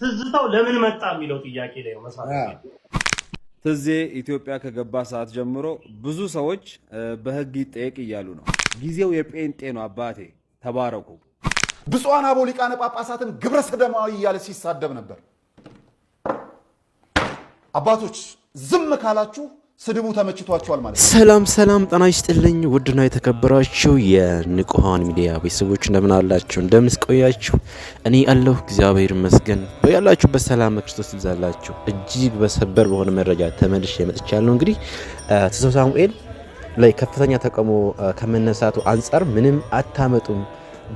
ትዝታው ለምን መጣ የሚለው ጥያቄ ላይ መስራት ትዜ ኢትዮጵያ ከገባ ሰዓት ጀምሮ ብዙ ሰዎች በህግ ይጠየቅ እያሉ ነው። ጊዜው የጴንጤ ነው። አባቴ ተባረኩ። ብፁዓን አበው ሊቃነ ጳጳሳትን ግብረ ሰደማዊ እያለ ሲሳደብ ነበር። አባቶች ዝም ካላችሁ ስድቡ ተመችቷቸዋል ማለት ነው። ሰላም ሰላም፣ ጤና ይስጥልኝ ውድና የተከበራችሁ የንቁሃን ሚዲያ ቤተሰቦች እንደምን አላችሁ? እንደምን ስቆያችሁ? እኔ ያለሁ እግዚአብሔር ይመስገን። በያላችሁ በሰላም ክርስቶስ ይብዛላችሁ። እጅግ በሰበር በሆነ መረጃ ተመልሼ መጥቻለሁ። እንግዲህ ተሰው ሳሙኤል ላይ ከፍተኛ ተቃውሞ ከመነሳቱ አንጻር ምንም አታመጡም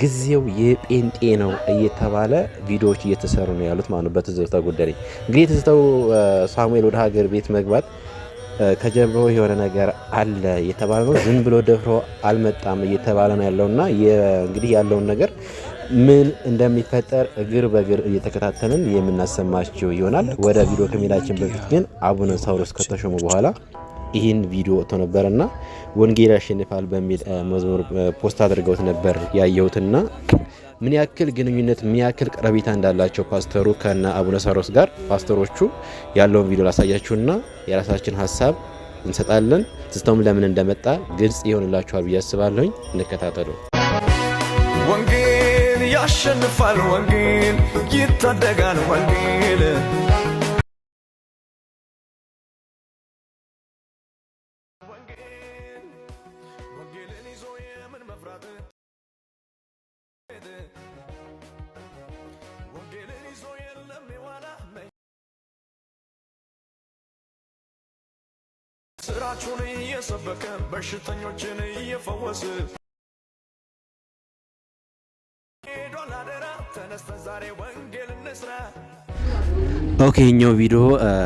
ጊዜው የጴንጤ ነው እየተባለ ቪዲዮዎች እየተሰሩ ነው ያሉት ማለት ነው። በትዝታው ጉዳይ እንግዲህ የትዝታው ሳሙኤል ወደ ሀገር ቤት መግባት ከጀርባው የሆነ ነገር አለ የተባለ ነው። ዝም ብሎ ደፍሮ አልመጣም እየተባለ ነው ያለውና እንግዲህ ያለውን ነገር ምን እንደሚፈጠር እግር በእግር እየተከታተልን የምናሰማችው ይሆናል። ወደ ቪዲዮ ከሚላችን በፊት ግን አቡነ ሳዊሮስ ከተሾሙ በኋላ ይህን ቪዲዮ ወጥቶ ነበር እና ወንጌል ያሸንፋል በሚል መዝሙር ፖስት አድርገውት ነበር ያየሁትና ምን ያክል ግንኙነት ምን ያክል ቀረቤታ እንዳላቸው ፓስተሩ ከነ አቡነ ሳሮስ ጋር ፓስተሮቹ ያለውን ቪዲዮ ላሳያችሁና የራሳችን ሀሳብ እንሰጣለን። ሲስተሙ ለምን እንደመጣ ግልጽ ይሆንላችኋል ብዬ አስባለሁኝ። እንከታተሉ። ወንጌል ያሸንፋል፣ ወንጌል ይታደጋል፣ ወንጌል ወንጌልን ይዞ የለም የዋላ ስራችሁን እየሰበከ በሽተኞችን እየፈወስ ኦኬ እኛው ቪዲዮ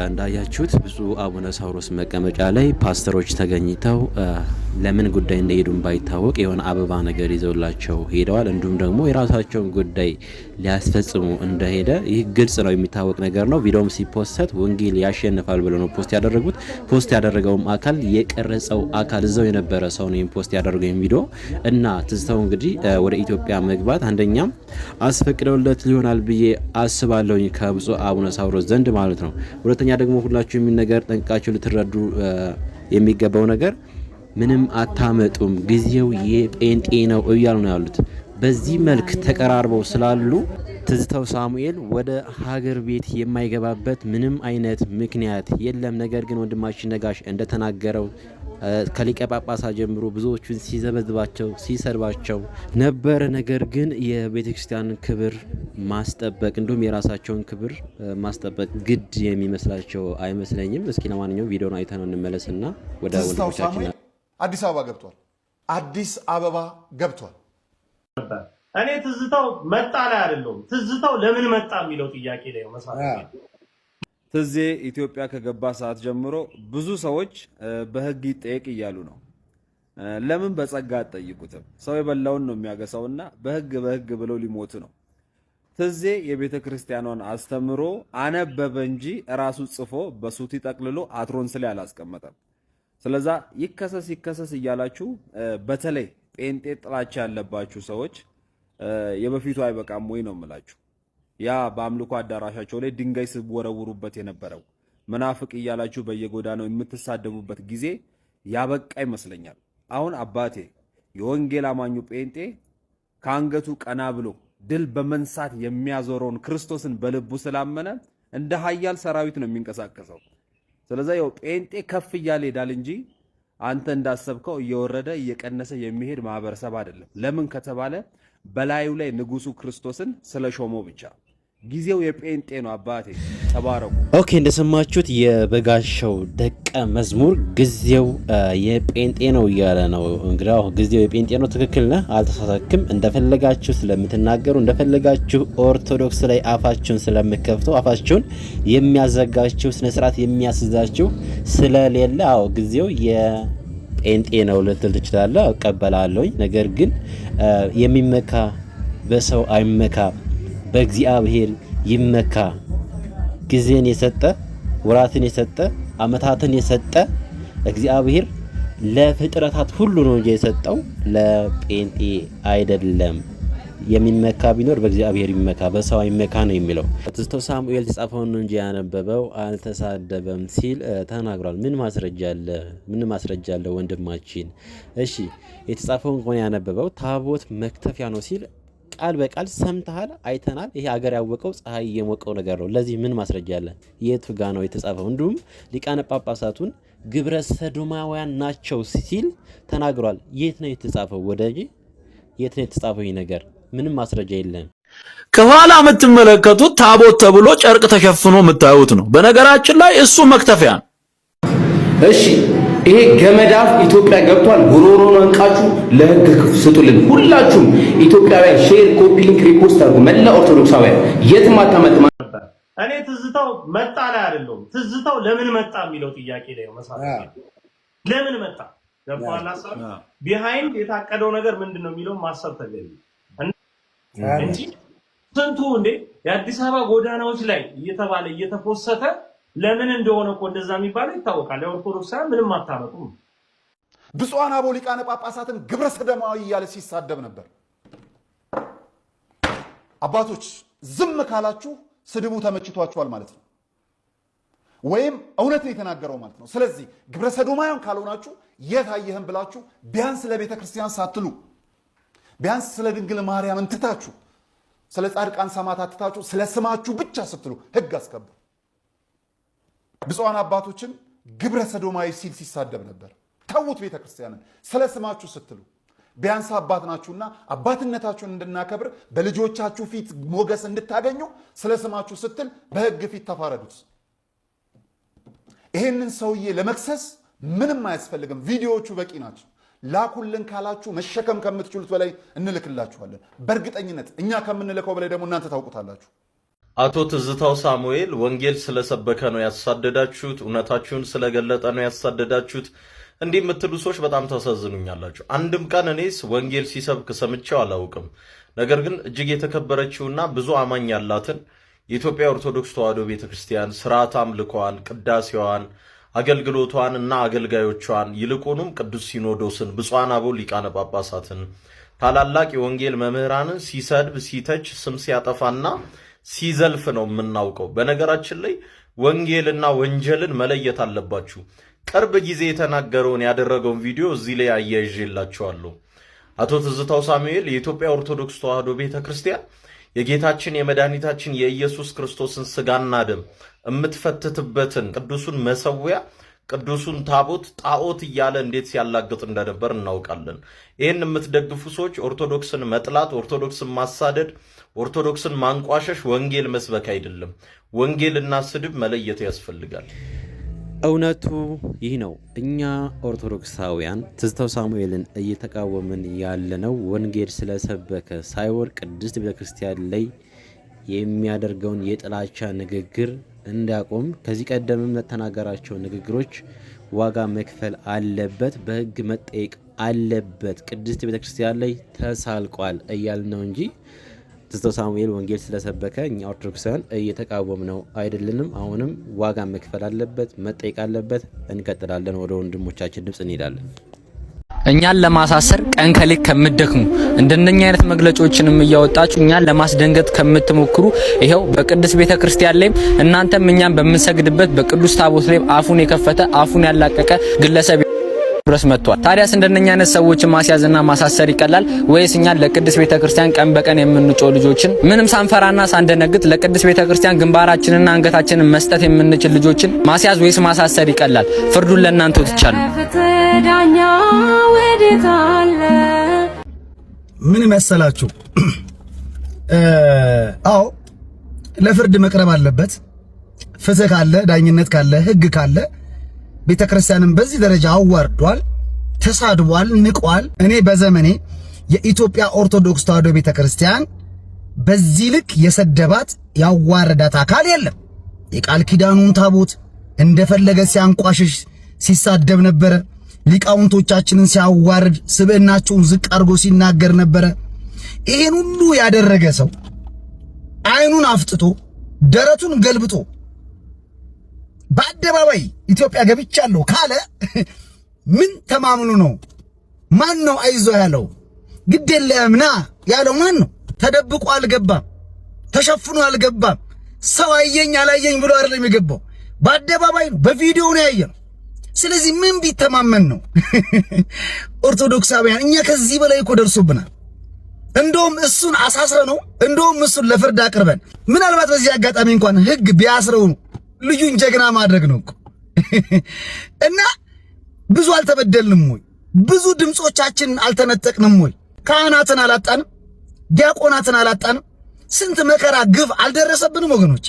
እንዳያችሁት ብፁዕ አቡነ ሳዊሮስ መቀመጫ ላይ ፓስተሮች ተገኝተው ለምን ጉዳይ እንደሄዱም ባይታወቅ የሆነ አበባ ነገር ይዘውላቸው ሄደዋል። እንዲሁም ደግሞ የራሳቸውን ጉዳይ ሊያስፈጽሙ እንደሄደ ይህ ግልጽ ነው፣ የሚታወቅ ነገር ነው። ቪዲዮም ሲፖሰት ወንጌል ያሸንፋል ብለው ነው ፖስት ያደረጉት። ፖስት ያደረገውም አካል የቀረጸው አካል እዛው የነበረ ሰው ነው ፖስት ያደረገው ቪዲዮ እና ትዝተው እንግዲህ ወደ ኢትዮጵያ መግባት አንደኛም አስፈቅደውለት ሊሆናል ብዬ አስባለሁኝ ከብፁዕ አቡነ ሳዊሮስ ዘንድ ማለት ነው። ሁለተኛ ደግሞ ሁላችሁ የሚ ነገር ጠንቅቃችሁ ልትረዱ የሚገባው ነገር ምንም አታመጡም፣ ጊዜው የጴንጤ ነው እያሉ ነው ያሉት። በዚህ መልክ ተቀራርበው ስላሉ ትዝታው ሳሙኤል ወደ ሀገር ቤት የማይገባበት ምንም አይነት ምክንያት የለም። ነገር ግን ወንድማችን ነጋሽ እንደተናገረው ከሊቀ ጳጳሳ ጀምሮ ብዙዎቹን ሲዘበዝባቸው ሲሰርባቸው ነበረ። ነገር ግን የቤተ ክርስቲያን ክብር ማስጠበቅ እንዲሁም የራሳቸውን ክብር ማስጠበቅ ግድ የሚመስላቸው አይመስለኝም። እስኪ ለማንኛውም ቪዲዮን አይተነው እንመለስና ወደ ወንድሞቻችን አዲስ አበባ ገብቷል። አዲስ አበባ ገብቷል። እኔ ትዝታው መጣ ላይ አይደለሁም። ትዝታው ለምን መጣ የሚለው ጥያቄ ላይ ነው መስራት። ትዜ ኢትዮጵያ ከገባ ሰዓት ጀምሮ ብዙ ሰዎች በህግ ይጠየቅ እያሉ ነው። ለምን በጸጋ አትጠይቁትም? ሰው የበላውን ነው የሚያገሳውና በህግ በህግ ብለው ሊሞቱ ነው። ትዜ የቤተ ክርስቲያኗን አስተምሮ አነበበ እንጂ ራሱ ጽፎ በሱቲ ጠቅልሎ አትሮንስ ላይ አላስቀመጠም። ስለዛ ይከሰስ ይከሰስ እያላችሁ በተለይ ጴንጤ ጥላቻ ያለባችሁ ሰዎች የበፊቱ አይበቃም ወይ ነው የምላችሁ። ያ በአምልኮ አዳራሻቸው ላይ ድንጋይ ስወረውሩበት የነበረው መናፍቅ እያላችሁ በየጎዳናው የምትሳደቡበት ጊዜ ያበቃ ይመስለኛል። አሁን አባቴ የወንጌል አማኙ ጴንጤ ከአንገቱ ቀና ብሎ ድል በመንሳት የሚያዞረውን ክርስቶስን በልቡ ስላመነ እንደ ኃያል ሰራዊት ነው የሚንቀሳቀሰው። ስለዛ ው ጴንጤ ከፍ እያለ ሄዳል እንጂ አንተ እንዳሰብከው እየወረደ እየቀነሰ የሚሄድ ማህበረሰብ አይደለም። ለምን ከተባለ በላዩ ላይ ንጉሱ ክርስቶስን ስለሾሞ ብቻ ጊዜው የጴንጤ ነው። አባቴ ተባረኩ። ኦኬ እንደሰማችሁት የበጋሻው ደቀ መዝሙር ጊዜው የጴንጤ ነው እያለ ነው። እንግዲ ጊዜው የጴንጤ ነው፣ ትክክል ነህ፣ አልተሳሳክም። እንደፈለጋችሁ ስለምትናገሩ፣ እንደፈለጋችሁ ኦርቶዶክስ ላይ አፋችሁን ስለምከፍቱ፣ አፋችሁን የሚያዘጋችሁ ስነስርዓት የሚያስዛችሁ ስለሌለ አዎ ጊዜው ጴንጤ ነው ልትል ትችላለህ። እቀበላለሁኝ። ነገር ግን የሚመካ በሰው አይመካ፣ በእግዚአብሔር ይመካ። ጊዜን የሰጠ ወራትን የሰጠ አመታትን የሰጠ እግዚአብሔር ለፍጥረታት ሁሉ ነው እንጂ የሰጠው ለጴንጤ አይደለም። የሚመካ ቢኖር በእግዚአብሔር ይመካ በሰው አይመካ ነው የሚለው። ትዝታው ሳሙኤል ተጻፈውን ነው እንጂ ያነበበው አልተሳደበም ሲል ተናግሯል። ምን ማስረጃ አለ? ምን ማስረጃ አለ ወንድማችን? እሺ የተጻፈውን ከሆነ ያነበበው ታቦት መክተፊያ ነው ሲል ቃል በቃል ሰምተሃል፣ አይተናል። ይሄ አገር ያወቀው ፀሐይ እየሞቀው ነገር ነው። ለዚህ ምን ማስረጃ አለ? የቱ ጋ ነው የተጻፈው? እንዲሁም ሊቃነ ጳጳሳቱን ግብረ ሰዶማውያን ናቸው ሲል ተናግሯል። የት ነው የተጻፈው? ወደ የት ነው የተጻፈው ይህ ነገር? ምንም ማስረጃ የለም። ከኋላ የምትመለከቱት ታቦት ተብሎ ጨርቅ ተሸፍኖ የምታዩት ነው። በነገራችን ላይ እሱ መክተፊያ ነው። እሺ ይሄ ገመዳፍ ኢትዮጵያ ገብቷል። ጉሮሮን አንቃችሁ ለህግ ስጡልን። ሁላችሁም ኢትዮጵያውያን ሼር፣ ኮፒ ሊንክ፣ ሪፖስት አድርጉ። መላ ኦርቶዶክሳውያን የትም አታመልጥም። እኔ ትዝታው መጣ ላይ አይደለሁም። ትዝታው ለምን መጣ የሚለው ጥያቄ ላይ ነው። ለምን መጣ ገባላ ቢሃይንድ የታቀደው ነገር ምንድን ነው የሚለው ማሰብ ተገቢ እንጂ ስንቱ እንዴ የአዲስ አበባ ጎዳናዎች ላይ እየተባለ እየተፎሰተ ለምን እንደሆነ እኮ እንደዛ የሚባለው ይታወቃል። የኦርቶዶክሳውያን ምንም አታመጡም። ብፁዓን አበው ሊቃነ ጳጳሳትን ግብረ ሰደማዊ እያለ ሲሳደብ ነበር። አባቶች ዝም ካላችሁ ስድቡ ተመችቷችኋል ማለት ነው፣ ወይም እውነትን ነው የተናገረው ማለት ነው። ስለዚህ ግብረ ሰዶማውያን ካልሆናችሁ የት አየህም ብላችሁ ቢያንስ ለቤተ ክርስቲያን ሳትሉ ቢያንስ ስለ ድንግል ማርያምን ትታችሁ ስለ ጻድቃን ሰማዕታት ትታችሁ ስለ ስማችሁ ብቻ ስትሉ ህግ አስከብሩ። ብፁዓን አባቶችን ግብረ ሰዶማዊ ሲል ሲሳደብ ነበር። ተዉት፣ ቤተ ክርስቲያንን ስለ ስማችሁ ስትሉ ቢያንስ አባት ናችሁና አባትነታችሁን እንድናከብር በልጆቻችሁ ፊት ሞገስ እንድታገኙ ስለ ስማችሁ ስትል በህግ ፊት ተፋረዱት። ይህንን ሰውዬ ለመክሰስ ምንም አያስፈልግም። ቪዲዮዎቹ በቂ ናቸው። ላኩልን ካላችሁ መሸከም ከምትችሉት በላይ እንልክላችኋለን። በእርግጠኝነት እኛ ከምንልከው በላይ ደግሞ እናንተ ታውቁታላችሁ። አቶ ትዝታው ሳሙኤል ወንጌል ስለሰበከ ነው ያሳደዳችሁት፣ እውነታችሁን ስለገለጠ ነው ያሳደዳችሁት እንዲህ የምትሉ ሰዎች በጣም ታሳዝኑኛላችሁ። አንድም ቀን እኔስ ወንጌል ሲሰብክ ሰምቼው አላውቅም። ነገር ግን እጅግ የተከበረችውና ብዙ አማኝ ያላትን የኢትዮጵያ ኦርቶዶክስ ተዋሕዶ ቤተክርስቲያን ስርዓት አምልኮዋን፣ ቅዳሴዋን አገልግሎቷን እና አገልጋዮቿን ይልቁንም ቅዱስ ሲኖዶስን፣ ብፁዓን አበው ሊቃነ ጳጳሳትን፣ ታላላቅ የወንጌል መምህራንን ሲሰድብ፣ ሲተች፣ ስም ሲያጠፋና ሲዘልፍ ነው የምናውቀው። በነገራችን ላይ ወንጌልና ወንጀልን መለየት አለባችሁ። ቅርብ ጊዜ የተናገረውን ያደረገውን ቪዲዮ እዚህ ላይ አያይዤላችኋለሁ። አቶ ትዝታው ሳሙኤል የኢትዮጵያ ኦርቶዶክስ ተዋህዶ ቤተ ክርስቲያን የጌታችን የመድኃኒታችን የኢየሱስ ክርስቶስን ስጋና ደም የምትፈትትበትን ቅዱሱን መሰዊያ ቅዱሱን ታቦት ጣዖት እያለ እንዴት ሲያላግጥ እንደነበር እናውቃለን። ይህን የምትደግፉ ሰዎች ኦርቶዶክስን መጥላት፣ ኦርቶዶክስን ማሳደድ፣ ኦርቶዶክስን ማንቋሸሽ ወንጌል መስበክ አይደለም። ወንጌልና ስድብ መለየት ያስፈልጋል። እውነቱ ይህ ነው። እኛ ኦርቶዶክሳውያን ትዝታው ሳሙኤልን እየተቃወምን ያለነው ወንጌል ስለሰበከ ሳይሆን ቅድስት ቤተክርስቲያን ላይ የሚያደርገውን የጥላቻ ንግግር እንዲያቆም ከዚህ ቀደምም ለተናገራቸው ንግግሮች ዋጋ መክፈል አለበት፣ በህግ መጠየቅ አለበት፣ ቅድስት ቤተክርስቲያን ላይ ተሳልቋል እያልን ነው እንጂ ዝቶ ሳሙኤል ወንጌል ስለሰበከ እኛ ኦርቶዶክሳን እየተቃወም ነው አይደለንም። አሁንም ዋጋ መክፈል አለበት፣ መጠየቅ አለበት። እንቀጥላለን። ወደ ወንድሞቻችን ድምፅ እንሄዳለን። እኛን ለማሳሰር ቀን ከሌት ከምትደክሙ እንደነኛ አይነት መግለጫዎችንም እያወጣችሁ እኛን ለማስደንገጥ ከምትሞክሩ ይኸው በቅዱስ ቤተ ክርስቲያን ላይም እናንተም እኛን በምንሰግድበት በቅዱስ ታቦት ላይም አፉን የከፈተ አፉን ያላቀቀ ግለሰብ ድረስ መጥቷል። ታዲያስ እንደነኛ አይነት ሰዎችን ማስያዝና ማሳሰር ይቀላል ወይስ እኛን ለቅድስት ቤተክርስቲያን ቀን በቀን የምንጮ ልጆችን ምንም ሳንፈራና ሳንደነግጥ ለቅድስት ቤተክርስቲያን ግንባራችንና አንገታችንን መስጠት የምንችል ልጆችን ማስያዝ ወይስ ማሳሰር ይቀላል? ፍርዱን ለእናንተ ትቻሉ። ምን መሰላችሁ? አዎ ለፍርድ መቅረብ አለበት። ፍትህ ካለ ዳኝነት ካለ ህግ ካለ ቤተ ክርስቲያንን በዚህ ደረጃ አዋርዷል፣ ተሳድቧል፣ ንቋል። እኔ በዘመኔ የኢትዮጵያ ኦርቶዶክስ ተዋህዶ ቤተ ክርስቲያን በዚህ ልክ የሰደባት ያዋረዳት አካል የለም። የቃል ኪዳኑን ታቦት እንደፈለገ ሲያንቋሽሽ ሲሳደብ ነበረ። ሊቃውንቶቻችንን ሲያዋርድ ስብዕናቸውን ዝቅ አድርጎ ሲናገር ነበረ። ይህን ሁሉ ያደረገ ሰው አይኑን አፍጥቶ ደረቱን ገልብጦ በአደባባይ ኢትዮጵያ ገብቻለሁ ካለ ምን ተማምኑ ነው? ማን ነው አይዞ ያለው? ግድ የለምና ያለው ማን ነው? ተደብቆ አልገባም፣ ተሸፍኖ አልገባም። ሰው አየኝ አላየኝ ብሎ አይደለም የገባው፣ በአደባባይ ነው፣ በቪዲዮ ነው ያየ ነው። ስለዚህ ምን ቢተማመን ነው? ኦርቶዶክሳውያን እኛ ከዚህ በላይ እኮ ደርሶብናል። እንደውም እሱን አሳስረ ነው እንደውም እሱን ለፍርድ አቅርበን ምናልባት በዚህ አጋጣሚ እንኳን ህግ ቢያስረው ልዩን ጀግና ማድረግ ነው እኮ እና ብዙ አልተበደልንም ወይ? ብዙ ድምፆቻችን አልተነጠቅንም ወይ? ካህናትን አላጣንም፣ ዲያቆናትን አላጣንም። ስንት መከራ ግፍ አልደረሰብንም ወገኖች።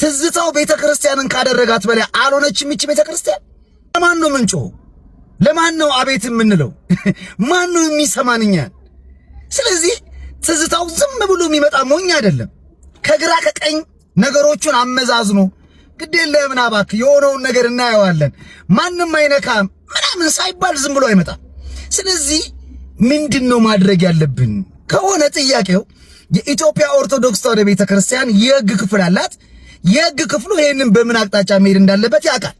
ትዝታው ቤተ ክርስቲያንን ካደረጋት በላይ አልሆነችም ይቺ ቤተ ክርስቲያን። ለማን ነው ምንጮ? ለማን ነው አቤት የምንለው? ማን ነው የሚሰማን ስለዚህ ትዝታው ዝም ብሎ የሚመጣ ሞኝ አይደለም። ከግራ ከቀኝ ነገሮቹን አመዛዝኖ ግድ ምናባክ የሆነውን ነገር እናየዋለን፣ ማንም አይነካም ምናምን ሳይባል ዝም ብሎ አይመጣም። ስለዚህ ምንድን ነው ማድረግ ያለብን ከሆነ ጥያቄው የኢትዮጵያ ኦርቶዶክስ ተዋሕዶ ቤተ ክርስቲያን የህግ ክፍል አላት። የህግ ክፍሉ ይህንን በምን አቅጣጫ መሄድ እንዳለበት ያውቃል።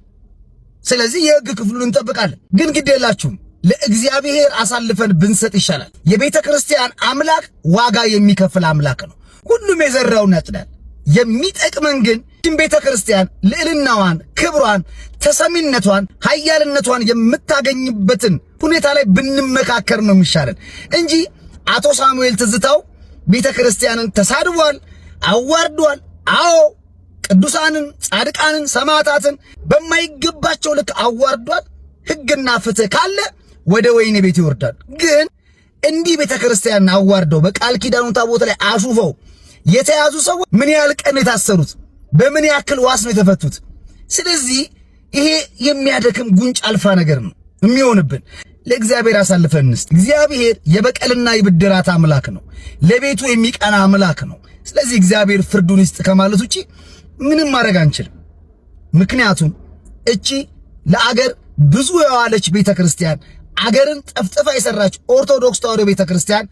ስለዚህ የህግ ክፍሉን እንጠብቃለን። ግን ግድ የላችሁም ለእግዚአብሔር አሳልፈን ብንሰጥ ይሻላል። የቤተ ክርስቲያን አምላክ ዋጋ የሚከፍል አምላክ ነው። ሁሉም የዘራውን ያጭዳል። የሚጠቅመን ግን ይህችን ቤተ ክርስቲያን ልዕልናዋን፣ ክብሯን፣ ተሰሚነቷን፣ ሀያልነቷን የምታገኝበትን ሁኔታ ላይ ብንመካከር ነው የሚሻለን እንጂ አቶ ሳሙኤል ትዝታው ቤተ ክርስቲያንን ተሳድቧል፣ አዋርዷል። አዎ ቅዱሳንን፣ ጻድቃንን፣ ሰማዕታትን በማይገባቸው ልክ አዋርዷል። ሕግና ፍትህ ካለ ወደ ወይኔ ቤት ይወርዳል። ግን እንዲህ ቤተ ክርስቲያንን አዋርደው በቃል ኪዳኑ ታቦት ላይ አሹፈው የተያዙ ሰዎች ምን ያህል ቀን የታሰሩት በምን ያክል ዋስ ነው የተፈቱት? ስለዚህ ይሄ የሚያደክም ጉንጭ አልፋ ነገር ነው የሚሆንብን። ለእግዚአብሔር አሳልፈን እንስጥ። እግዚአብሔር የበቀልና የብድራት አምላክ ነው። ለቤቱ የሚቀና አምላክ ነው። ስለዚህ እግዚአብሔር ፍርዱን ይስጥ ከማለት ውጪ ምንም ማድረግ አንችልም። ምክንያቱም እቺ ለአገር ብዙ የዋለች ቤተ ክርስቲያን አገርን ጠፍጥፋ የሰራች ኦርቶዶክስ ተዋሕዶ ቤተ ክርስቲያን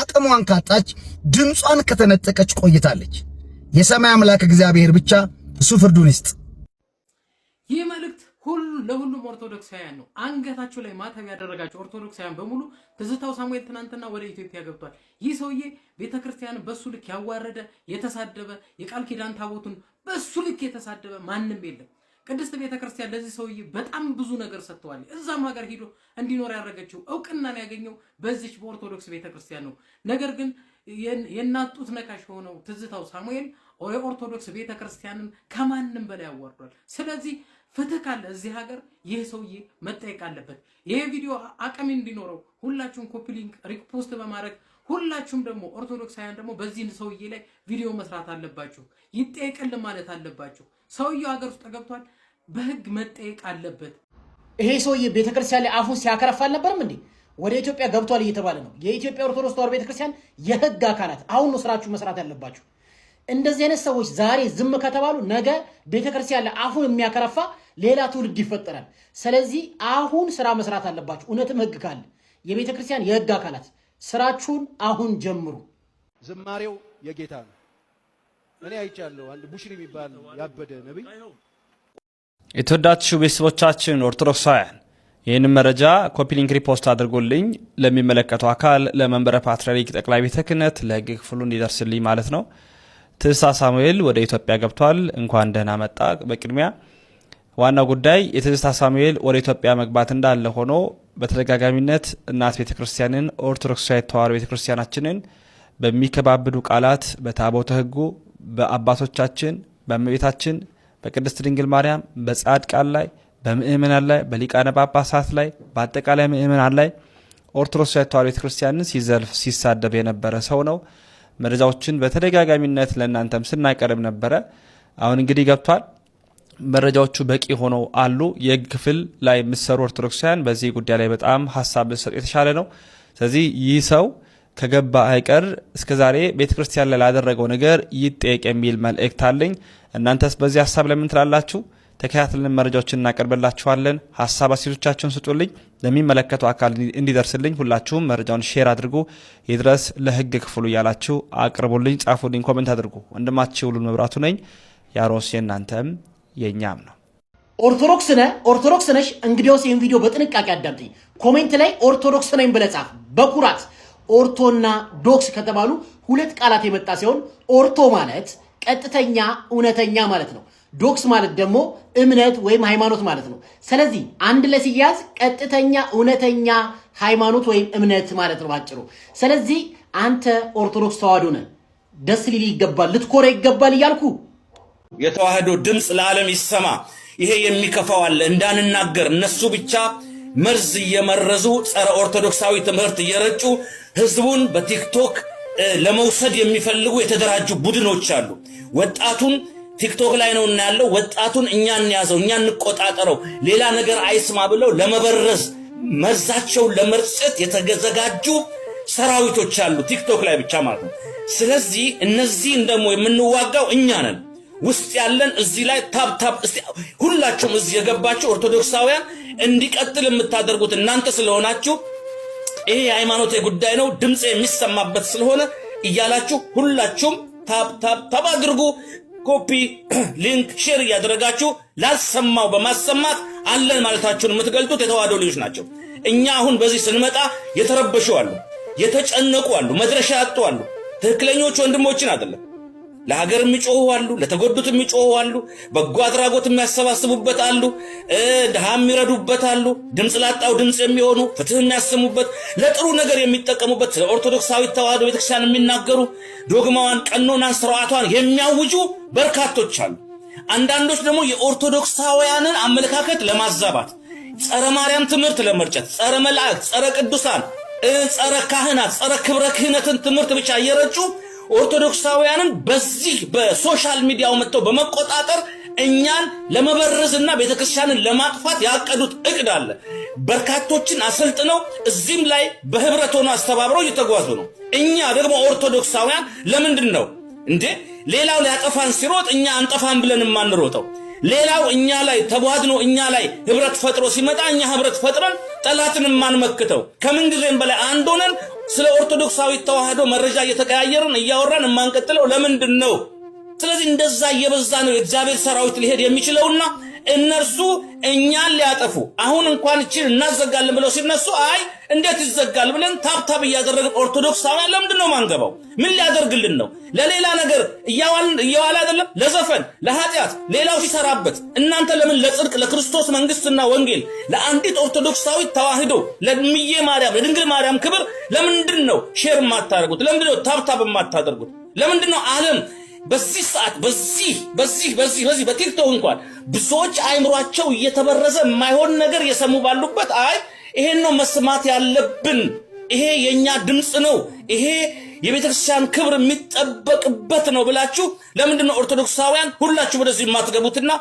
አቅሟን ካጣች ድምጿን ከተነጠቀች ቆይታለች። የሰማይ አምላክ እግዚአብሔር ብቻ እሱ ፍርዱን ይስጥ። ይህ መልእክት ሁሉ ለሁሉም ኦርቶዶክሳውያን ነው። አንገታቸው ላይ ማተብ ያደረጋቸው ኦርቶዶክሳውያን በሙሉ ትዝታው ሳሙኤል ትናንትና ወደ ኢትዮጵያ ገብቷል። ይህ ሰውዬ ቤተክርስቲያን በሱ ልክ ያዋረደ የተሳደበ የቃል ኪዳን ታቦቱን በሱ ልክ የተሳደበ ማንም የለም። ቅድስት ቤተክርስቲያን ለዚህ ሰውዬ በጣም ብዙ ነገር ሰጥተዋል። እዛም ሀገር ሂዶ እንዲኖር ያደረገችው እውቅናን ያገኘው በዚች በኦርቶዶክስ ቤተክርስቲያን ነው። ነገር ግን የእናት ጡት ነካሽ የሆነው ትዝታው ሳሙኤል የኦርቶዶክስ ቤተ ክርስቲያንን ከማንም በላይ አዋርዷል። ስለዚህ ፍትህ ካለ እዚህ ሀገር ይህ ሰውዬ መጠየቅ አለበት። ይሄ ቪዲዮ አቅም እንዲኖረው ሁላችሁም ኮፒ ሊንክ ሪፖስት በማድረግ ሁላችሁም ደግሞ ኦርቶዶክሳውያን ደግሞ በዚህ ሰውዬ ላይ ቪዲዮ መስራት አለባችሁ። ይጠየቅልን ማለት አለባችሁ። ሰውየው ሀገር ውስጥ ተገብቷል፣ በህግ መጠየቅ አለበት። ይሄ ሰውዬ ቤተክርስቲያን ላይ አፉን ሲያከረፍ አልነበርም እንዴ? ወደ ኢትዮጵያ ገብቷል እየተባለ ነው። የኢትዮጵያ ኦርቶዶክስ ተዋሕዶ ቤተክርስቲያን የህግ አካላት አሁን ነው ስራችሁ መስራት ያለባችሁ። እንደዚህ አይነት ሰዎች ዛሬ ዝም ከተባሉ ነገ ቤተክርስቲያን ላይ አፉን የሚያከረፋ ሌላ ትውልድ ይፈጠራል። ስለዚህ አሁን ስራ መስራት አለባችሁ። እውነትም ህግ ካለ የቤተክርስቲያን የህግ አካላት ስራችሁን አሁን ጀምሩ። ዝማሬው የጌታ ነው። እኔ አይቻለሁ። አንድ ቡሽሪ የሚባል ያበደ ነቢይ። የተወዳችሁ ቤተሰቦቻችን ኦርቶዶክሳውያን ይህን መረጃ ኮፒሊንክ ሪፖስት አድርጎልኝ ለሚመለከተው አካል ለመንበረ ፓትርያርክ ጠቅላይ ቤተ ክህነት ለህግ ክፍሉ እንዲደርስልኝ ማለት ነው። ትዕሳ ሳሙኤል ወደ ኢትዮጵያ ገብቷል። እንኳን ደህና መጣ። በቅድሚያ ዋናው ጉዳይ የትዕሳ ሳሙኤል ወደ ኢትዮጵያ መግባት እንዳለ ሆኖ በተደጋጋሚነት እናት ቤተ ክርስቲያንን ኦርቶዶክሳዊት ተዋሕዶ ቤተ ክርስቲያናችንን በሚከባብዱ ቃላት በታቦተ ሕጉ በአባቶቻችን በእመቤታችን በቅድስት ድንግል ማርያም በጻድቃን ላይ በምእመናን ላይ በሊቃነ ጳጳሳት ላይ በአጠቃላይ ምእመናን ላይ ኦርቶዶክሳዊት ተዋሕዶ ቤተ ክርስቲያንን ሲዘልፍ ሲሳደብ የነበረ ሰው ነው። መረጃዎችን በተደጋጋሚነት ለእናንተም ስናቀርብ ነበረ። አሁን እንግዲህ ገብቷል። መረጃዎቹ በቂ ሆነው አሉ። የህግ ክፍል ላይ የምትሰሩ ኦርቶዶክሳውያን በዚህ ጉዳይ ላይ በጣም ሀሳብ ልሰጥ የተሻለ ነው። ስለዚህ ይህ ሰው ከገባ አይቀር እስከዛሬ ቤተ ክርስቲያን ላይ ላደረገው ነገር ይጠየቅ የሚል መልእክት አለኝ። እናንተስ በዚህ ሀሳብ ለምን ትላላችሁ? ተከታትለን መረጃዎችን እናቀርብላችኋለን። ሀሳብ አስተያየቶቻችሁን ስጡልኝ፣ ለሚመለከተው አካል እንዲደርስልኝ ሁላችሁም መረጃውን ሼር አድርጉ። ይድረስ ለህግ ክፍሉ እያላችሁ አቅርቡልኝ፣ ጻፉልኝ፣ ኮሜንት አድርጉ። ወንድማችሁ ሁሉን መብራቱ ነኝ። ያሮስ የእናንተም የእኛም ነው። ኦርቶዶክስ ነ ኦርቶዶክስ ነሽ? እንግዲያውስ ይህን ቪዲዮ በጥንቃቄ አዳምጥኝ። ኮሜንት ላይ ኦርቶዶክስ ነኝ ብለህ ጻፍ። በኩራት ኦርቶና ዶክስ ከተባሉ ሁለት ቃላት የመጣ ሲሆን ኦርቶ ማለት ቀጥተኛ እውነተኛ ማለት ነው። ዶክስ ማለት ደግሞ እምነት ወይም ሃይማኖት ማለት ነው። ስለዚህ አንድ ላይ ሲያዝ ቀጥተኛ እውነተኛ ሃይማኖት ወይም እምነት ማለት ነው ባጭሩ። ስለዚህ አንተ ኦርቶዶክስ ተዋህዶ ነህ፣ ደስ ሊል ይገባል፣ ልትኮረ ይገባል እያልኩ የተዋህዶ ድምፅ ለዓለም ይሰማ። ይሄ የሚከፋው አለ እንዳንናገር እነሱ ብቻ መርዝ እየመረዙ ጸረ ኦርቶዶክሳዊ ትምህርት እየረጩ ህዝቡን በቲክቶክ ለመውሰድ የሚፈልጉ የተደራጁ ቡድኖች አሉ። ወጣቱን ቲክቶክ ላይ ነው እና ያለው ወጣቱን እኛ እንያዘው፣ እኛ እንቆጣጠረው፣ ሌላ ነገር አይስማ ብለው ለመበረዝ መርዛቸውን ለመርጨት የተዘጋጁ ሰራዊቶች አሉ ቲክቶክ ላይ ብቻ ማለት ነው። ስለዚህ እነዚህን ደግሞ የምንዋጋው እኛ ነን ውስጥ ያለን እዚህ ላይ ታብታብ ሁላችሁም እዚህ የገባችሁ ኦርቶዶክሳውያን እንዲቀጥል የምታደርጉት እናንተ ስለሆናችሁ ይሄ የሃይማኖት ጉዳይ ነው ድምፅ የሚሰማበት ስለሆነ እያላችሁ ሁላችሁም ታብታብ ታብ አድርጉ። ኮፒ ሊንክ ሼር እያደረጋችሁ ላልሰማው በማሰማት አለን ማለታችሁን የምትገልጡት የተዋህዶ ልጆች ናቸው። እኛ አሁን በዚህ ስንመጣ የተረበሹ አሉ፣ የተጨነቁ አሉ፣ መድረሻ ያጡ አሉ። ትክክለኞች ወንድሞችን አይደለም ለሀገር የሚጮሁ አሉ፣ ለተጎዱት የሚጮሁ አሉ፣ በጎ አድራጎት የሚያሰባስቡበት አሉ፣ ድሃ የሚረዱበት አሉ፣ ድምፅ ላጣው ድምፅ የሚሆኑ ፍትህ የሚያስሙበት ለጥሩ ነገር የሚጠቀሙበት ስለ ኦርቶዶክሳዊ ተዋህዶ ቤተክርስቲያን የሚናገሩ ዶግማዋን፣ ቀኖናን፣ ስርዓቷን የሚያውጁ በርካቶች አሉ። አንዳንዶች ደግሞ የኦርቶዶክሳውያንን አመለካከት ለማዛባት ጸረ ማርያም ትምህርት ለመርጨት ጸረ መላእክት፣ ጸረ ቅዱሳን፣ ጸረ ካህናት፣ ጸረ ክብረ ክህነትን ትምህርት ብቻ እየረጩ ኦርቶዶክሳውያንን በዚህ በሶሻል ሚዲያው መጥተው በመቆጣጠር እኛን ለመበረዝና ቤተክርስቲያንን ለማጥፋት ያቀዱት እቅድ አለ። በርካቶችን አሰልጥነው እዚህም ላይ በህብረት ሆኖ አስተባብረው እየተጓዙ ነው። እኛ ደግሞ ኦርቶዶክሳውያን ለምንድን ነው እንዴ ሌላው ሊያጠፋን ሲሮጥ እኛ አንጠፋን ብለን የማንሮጠው? ሌላው እኛ ላይ ተቧድኖ እኛ ላይ ህብረት ፈጥሮ ሲመጣ እኛ ህብረት ፈጥረን ጠላትን የማንመክተው? ከምን ጊዜም በላይ አንድ ሆነን ስለ ኦርቶዶክሳዊ ተዋህዶ መረጃ እየተቀያየርን እያወራን የማንቀጥለው ለምንድን ነው? ስለዚህ እንደዛ እየበዛ ነው የእግዚአብሔር ሰራዊት ሊሄድ የሚችለውና እነርሱ እኛን ሊያጠፉ አሁን እንኳን እችን እናዘጋለን ብለው ሲነሱ አይ እንዴት ይዘጋል ብለን ታብታብ እያደረግን ኦርቶዶክሳውያን ለምንድን ነው ማንገባው? ምን ሊያደርግልን ነው? ለሌላ ነገር እየዋለ አይደለም? ለዘፈን፣ ለኃጢአት ሌላው ሲሰራበት እናንተ ለምን ለጽድቅ ለክርስቶስ መንግስትና ወንጌል ለአንዲት ኦርቶዶክሳዊት ተዋህዶ ለምዬ ማርያም ለድንግል ማርያም ክብር ለምንድን ነው ሼር የማታደርጉት? ለምንድን ነው ታብታብ የማታደርጉት? ለምንድን ነው ዓለም በዚህ ሰዓት በዚህ በዚህ በዚህ በዚህ በቲክቶክ እንኳን ብዙዎች አይምሯቸው እየተበረዘ የማይሆን ነገር እየሰሙ ባሉበት አይ ይሄን ነው መስማት ያለብን። ይሄ የእኛ ድምፅ ነው። ይሄ የቤተ ክርስቲያን ክብር የሚጠበቅበት ነው ብላችሁ ለምንድን ነው ኦርቶዶክሳውያን ሁላችሁ ወደዚህ የማትገቡትና